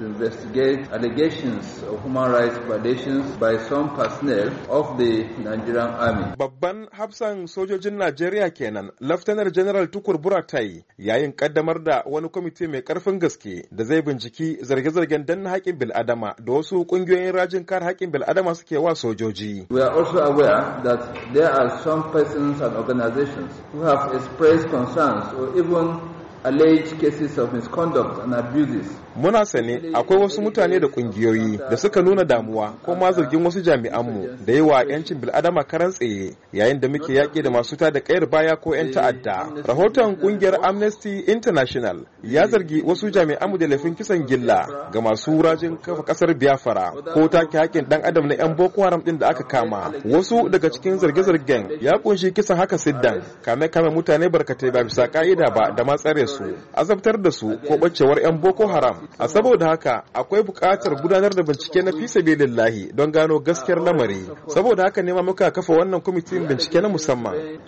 to investigate allegations of human rights violations by some personnel of the Nigerian Army. Babban hafsan sojojin Najeriya kenan, Laftanar General Tukur Buratai yayin kaddamar da wani kwamiti mai karfin gaske da zai binciki zarge-zargen danna haƙin bil'adama da wasu ƙungiyoyin rajin kare haƙƙin bil'adama suke wa sojoji. We are also aware that there are some persons and organizations who have expressed concerns or even alleged cases of misconduct and abuses. Muna sane akwai wasu mutane da kungiyoyi da suka nuna damuwa ko ma zargin wasu jami'anmu da yawa 'yancin bil'adama karan tsaye yayin da muke yaƙi da masu tada kayar baya ko 'yan ta'adda. Rahoton kungiyar Amnesty International ya zargi wasu jami'anmu da laifin kisan gilla ga masu rajin kafa kasar Biafra ko take haƙƙin ɗan adam na 'yan Boko Haram din da aka kama. Wasu daga cikin zarge-zargen ya kunshi kisan haka siddan kame-kame mutane barkatai ba bisa ka'ida ba da ma tsare su azabtar da su ko bacewar 'yan boko haram a saboda haka akwai buƙatar gudanar da bincike na fisa lillahi don gano gaskiyar lamari saboda haka ne ma muka kafa wannan kwamitin bincike na musamman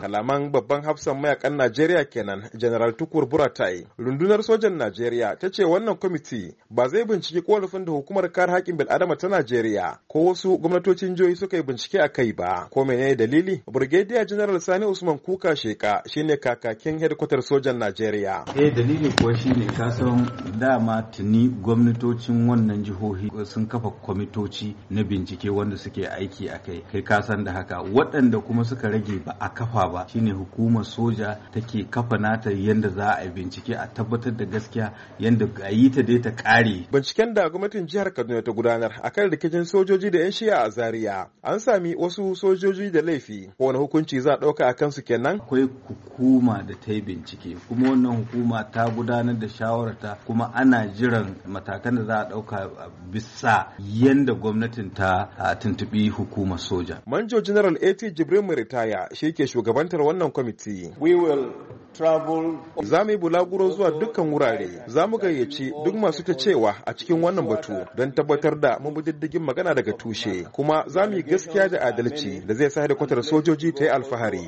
kalaman babban hafsan mayakan najeriya kenan general tukur buratai rundunar sojan najeriya ta ce wannan kwamiti ba zai binciki korafin da hukumar kare haƙƙin bil'adama ta najeriya ko wasu gwamnatocin jihohi suka yi bincike a kai ba ko menene dalili brigadier general sani usman kuka sheka shine kakakin hedkwatar sojan Najeriya. Eh dalili kuwa shine kasan dama tuni gwamnatocin wannan jihohi sun kafa kwamitoci na bincike wanda suke aiki a kai kai ka san da haka waɗanda kuma suka rage ba a kafa ba shine hukumar soja take kafa nata yanda za a bincike a tabbatar da gaskiya yanda a yi ta dai ta kare. Binciken da gwamnatin jihar Kaduna ta gudanar akan rikicin sojoji da 'yan shiya a Zaria an sami wasu sojoji da laifi ko wani hukunci za a ɗauka a kansu kenan. nan akwai hukuma da ta yi bincike kuma wannan hukuma ta gudanar da shawararta kuma ana jiran matakan da za a ɗauka bisa yadda gwamnatin ta tuntubi hukumar soja. Manjo General A.T. Jibrin Muritaya shi ke shugabantar wannan kwamiti. We will travel. Za mu yi bulaguro zuwa dukkan wurare, za mu gayyaci duk masu ta cewa a cikin wannan batu don tabbatar da mun diddigin magana daga tushe, kuma za mu yi gaskiya da adalci da zai sa da kwatar sojoji ta yi alfahari.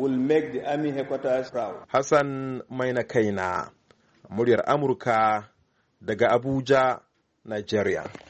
will make the army headquarters proud. Hassan Maina Kaina, muryar Amurka daga Abuja, Nigeria.